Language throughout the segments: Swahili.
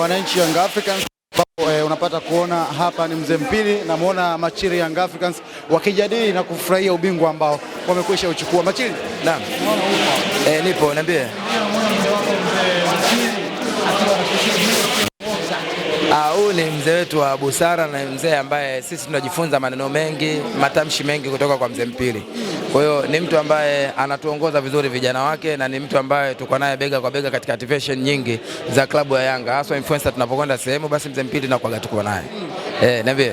wananchi Young Africans ambao eh, unapata kuona hapa ni mzee mpili, namwona Machiri Young Africans wakijadili na kufurahia ubingwa ambao wamekwisha uchukua. Machiri, naam. Eh, nipo, niambie Ah, huu ni mzee wetu wa busara na mzee ambaye sisi tunajifunza maneno mengi, matamshi mengi kutoka kwa mzee Mpili. Kwa hiyo ni mtu ambaye anatuongoza vizuri vijana wake na ni mtu ambaye tuko naye bega kwa bega katika activation nyingi za klabu ya Yanga, hasa influencer. Tunapokwenda sehemu, basi mzee Mpili tunakuwa tuko naye eh. Niambie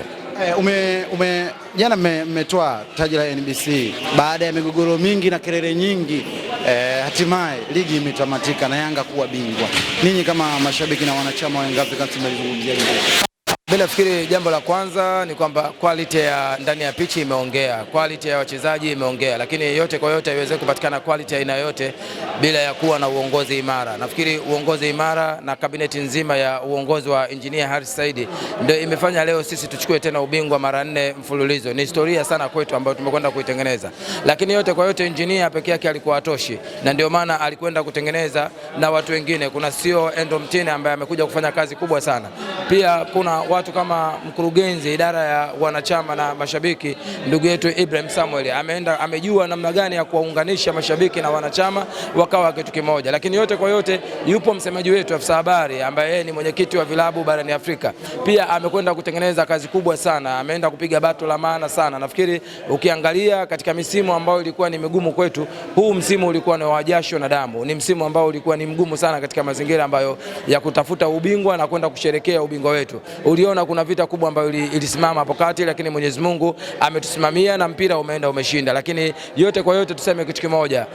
eh, jana mmetoa taji la NBC baada ya migogoro mingi na kelele nyingi Eh, hatimaye ligi imetamatika na Yanga kuwa bingwa. Ninyi kama mashabiki na wanachama wa Young Africans mlizungumziaje? Mimi nafikiri jambo la kwanza ni kwamba quality ya ndani ya pichi imeongea, quality ya wachezaji imeongea, lakini yote kwa yote haiwezi kupatikana quality aina yote bila ya kuwa na uongozi imara. Nafikiri uongozi imara na kabineti nzima ya uongozi wa Engineer Harris Said ndio imefanya leo sisi tuchukue tena ubingwa mara nne mfululizo. Ni historia sana kwetu ambayo tumekwenda kuitengeneza, lakini yote kwa yote engineer peke yake alikuwa atoshi, na ndio maana alikwenda kutengeneza na watu wengine. Kuna sio e Endo Mtine ambaye amekuja kufanya kazi kubwa sana, pia kuna watu kama mkurugenzi idara ya wanachama na mashabiki ndugu yetu Ibrahim Samuel ameenda, amejua namna gani ya kuwaunganisha mashabiki na wanachama wakawa kitu kimoja. Lakini yote kwa yote, yupo msemaji wetu afisa habari ambaye yeye ni mwenyekiti wa vilabu barani Afrika, pia amekwenda kutengeneza kazi kubwa sana, ameenda kupiga bato la maana sana. Nafikiri ukiangalia katika misimu ambayo ilikuwa ni migumu kwetu, huu msimu ulikuwa ni wa jasho na damu, ni msimu ambao ulikuwa ni mgumu sana katika mazingira ambayo ya kutafuta ubingwa na kwenda kusherekea ubingwa wetu Uli tuliona kuna vita kubwa ambayo ilisimama hapo kati, lakini Mwenyezi Mungu ametusimamia na mpira umeenda umeshinda, lakini yote kwa yote tuseme kitu kimoja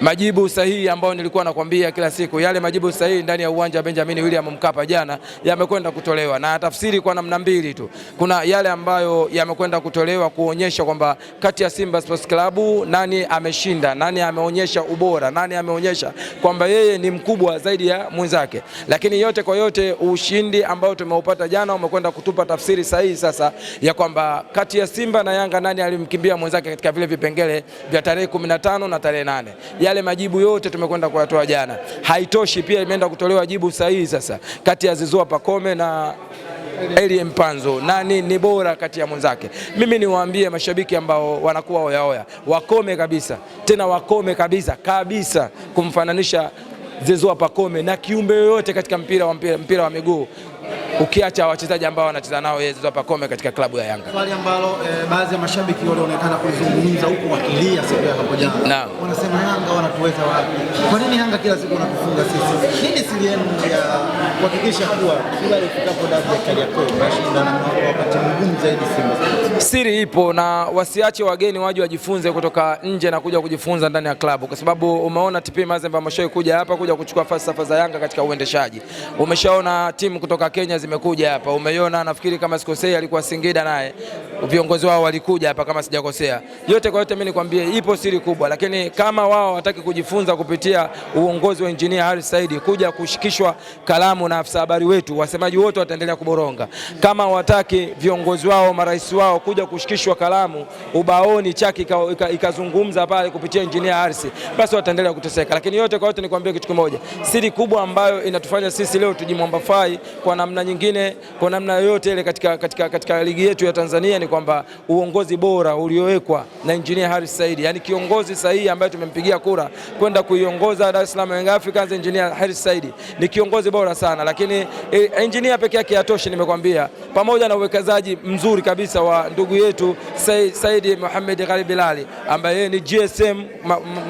majibu sahihi ambayo nilikuwa nakwambia kila siku, yale majibu sahihi ndani ya uwanja wa Benjamin William Mkapa jana yamekwenda kutolewa na tafsiri kwa namna mbili tu. Kuna yale ambayo yamekwenda kutolewa kuonyesha kwamba kati ya Simba Sports Club nani ameshinda, nani ameonyesha ubora, nani ameonyesha kwamba yeye ni mkubwa zaidi ya mwenzake. Lakini yote kwa yote, ushindi ambao tumeupata jana umekwenda kutupa tafsiri sahihi sasa ya kwamba kati ya Simba na Yanga nani alimkimbia mwenzake katika vile vipengele vya tarehe 15 na tarehe 8. Yale majibu yote tumekwenda kuyatoa jana. Haitoshi, pia imeenda kutolewa jibu sahihi sasa kati ya Zizua Pakome na Eli Mpanzo, nani ni bora kati ya mwenzake? Mimi niwaambie mashabiki ambao wanakuwa oyaoya, wakome kabisa, tena wakome kabisa kabisa kumfananisha zizua Pakome na kiumbe yoyote katika mpira wa, mpira, mpira wa miguu ukiacha wachezaji ambao wanacheza nao yeye Zizo Kome katika klabu ya Yanga. Swali ambalo e, baadhi ya mashabiki walionekana kuzungumza huko wakilia siku ya hapo jana. Naam. Wanasema Yanga wanatuweza wapi? Kwa nini Yanga kila siku wanatufunga sisi? Nini siri yenu ya kuhakikisha kuwa kila ifikapo dabi ya Kariakoo mashinda na wakati mgumu zaidi Simba? Siri ipo na wasiache wageni waje wajifunze kutoka nje na kuja kujifunza ndani ya klabu kwa sababu umeona TP Mazembe ameshawahi kuja hapa kuja kuchukua falsafa za Yanga katika uendeshaji. Umeshaona timu kutoka Kenya zime tumekuja hapa, umeona, Nafikiri kama sikosei, alikuwa Singida naye viongozi wao walikuja hapa kama sijakosea. Yote kwa yote, mimi nikwambie, ipo siri kubwa, lakini kama wao wataki kujifunza kupitia uongozi wa engineer Harris Said kuja kushikishwa kalamu na afisa habari wetu, wasemaji wote wataendelea kuboronga. Kama wataki viongozi wao, marais wao kuja kushikishwa kalamu ubaoni, chaki ikazungumza pale kupitia engineer Harris, basi wataendelea kuteseka. Lakini yote kwa yote, nikwambie kitu kimoja, siri kubwa ambayo inatufanya sisi leo tujimwambafai kwa namna nyingine, kwa namna yoyote ile katika, katika, katika ligi yetu ya Tanzania ni kwamba uongozi bora uliowekwa na Engineer Harris Said, yani kiongozi sahihi ambaye tumempigia kura kwenda kuiongoza Dar es Salaam Young Africans. Engineer Harris Said ni kiongozi bora sana, lakini e, engineer peke yake hatoshi, nimekwambia, pamoja na uwekezaji mzuri kabisa wa ndugu yetu Said Mohamed Gharib Bilali ambaye yeye ni GSM,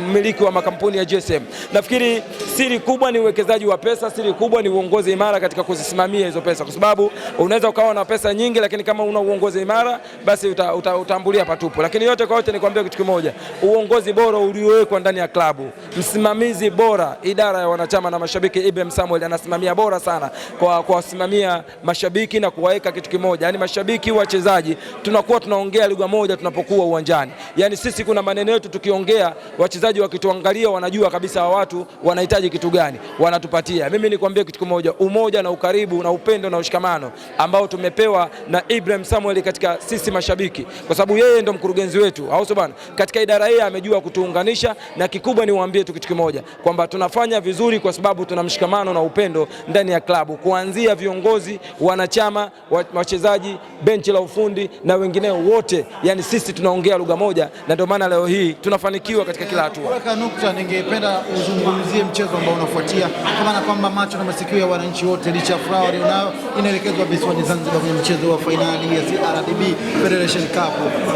mmiliki wa makampuni ya GSM. Nafikiri siri kubwa ni uwekezaji wa pesa, siri kubwa ni uongozi imara katika kuzisimamia hizo pesa pesa, kwa sababu unaweza ukawa na pesa nyingi, lakini kama una uongozi imara, basi uta, uta, utambulia patupu. Lakini yote kwa yote nikwambia kitu kimoja, uongozi bora uliowekwa ndani ya klabu, msimamizi bora, idara ya wanachama na mashabiki. Ibrahim Samuel anasimamia bora sana kwa kuwasimamia mashabiki na kuwaweka kitu kimoja, yani mashabiki, wachezaji, tunakuwa tunaongea lugha moja tunapokuwa uwanjani. Yani sisi kuna maneno yetu tukiongea, wachezaji wakituangalia wanajua kabisa wa watu wanahitaji kitu gani, wanatupatia. Mimi nikwambie kitu kimoja, umoja na ukaribu na upendo upendo na ushikamano ambao tumepewa na Ibrahim Samuel katika sisi mashabiki, kwa sababu yeye ndo mkurugenzi wetu, au sio bwana? Katika idara hii amejua kutuunganisha, na kikubwa niwaambie tu kitu kimoja kwamba tunafanya vizuri kwa sababu tuna mshikamano na upendo ndani ya klabu, kuanzia viongozi, wanachama, wachezaji, benchi la ufundi na wengineo wote, yani sisi tunaongea lugha moja, na ndio maana leo hii tunafanikiwa katika kila hatua. Kuweka nukta, ningependa uzungumzie mchezo ambao unafuatia, kwa maana kwamba macho na masikio ya wananchi wote licha ya furaha walionayo inaelekezwa visiwani Zanzibar kwenye mchezo wa fainali ya CRDB Federation Cup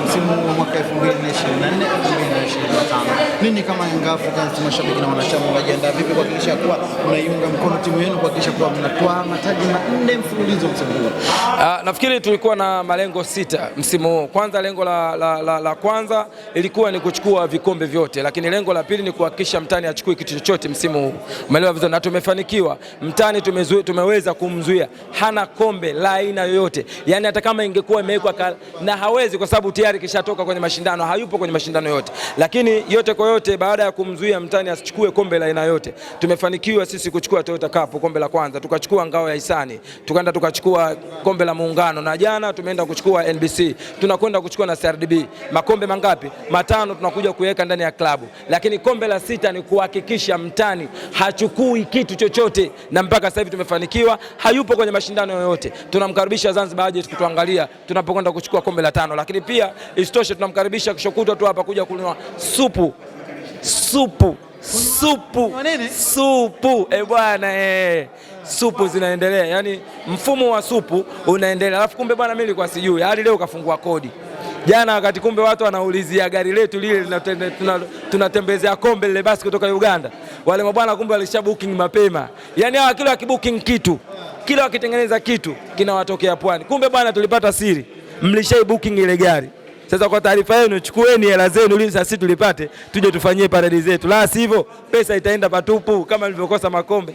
msimu wa mwaka 2024 2025. Nini kama Young Africans, mashabiki na wanachama, wajiandaa vipi kuhakikisha kuwa mnaiunga mkono timu yenu kuhakikisha kuwa mnatoa mataji manne mfululizo msimu huu? Uh, nafikiri tulikuwa na malengo sita msimu huu. Kwanza lengo la, la, la, la kwanza ilikuwa ni kuchukua vikombe vyote, lakini lengo la pili ni kuhakikisha mtani achukue kitu chochote msimu huu, umeelewa vizuri, na tumefanikiwa. Mtani tumezu, tumeweza kumzuia hana kombe la aina yoyote, yani hata kama ingekuwa imewekwa na hawezi, kwa sababu tayari kishatoka kwenye mashindano, hayupo kwenye mashindano yote. Lakini yote kwa yote, baada ya kumzuia mtani asichukue kombe la aina yote, tumefanikiwa sisi kuchukua Toyota Cup, kombe la kwanza, tukachukua ngao ya hisani, tukaenda tukachukua kombe la Muungano, na jana tumeenda kuchukua NBC, tunakwenda kuchukua na CRDB. Makombe mangapi? Matano, tunakuja kuweka ndani ya klabu, lakini kombe la sita ni kuhakikisha mtani hachukui kitu chochote, na mpaka sasa hivi tumefanikiwa, hayupo kwenye mashindano yoyote. Tunamkaribisha Zanzibar aje kutuangalia tunapokwenda kuchukua kombe la tano, lakini pia isitoshe tunamkaribisha kesho kutwa tu hapa kuja kunywa supu supu supu supu e bwana e. Supu zinaendelea, yani mfumo wa supu unaendelea. Alafu kumbe bwana, mimi nilikuwa sijui hadi leo kafungua kodi jana, wakati kumbe watu wanaulizia gari letu lile tunatembezea kombe lile basi kutoka Uganda, wale mabwana kumbe walisha booking mapema, yani hawa kila wa kitu kila wakitengeneza kitu kinawatokea Pwani. Kumbe bwana, tulipata siri, mlishai booking ile gari. Sasa kwa taarifa yenu, chukueni hela zenu ili sasa tulipate tuje tufanyie paradi zetu, la sivyo pesa itaenda patupu, kama nilivyokosa makombe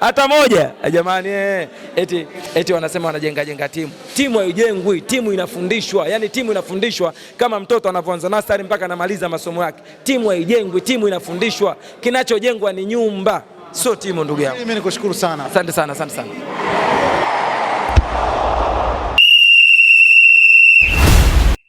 hata moja eh, jamani. Eh, eh. Eti, eti wanasema wanajenga jenga timu. Timu haijengwi, timu inafundishwa. Yani timu inafundishwa kama mtoto anavyoanza nasari mpaka anamaliza masomo yake. Timu haijengwi, timu inafundishwa. Kinachojengwa ni nyumba sio timu ndugu yangu. Mimi nikushukuru sana. Asante sana, asante sana.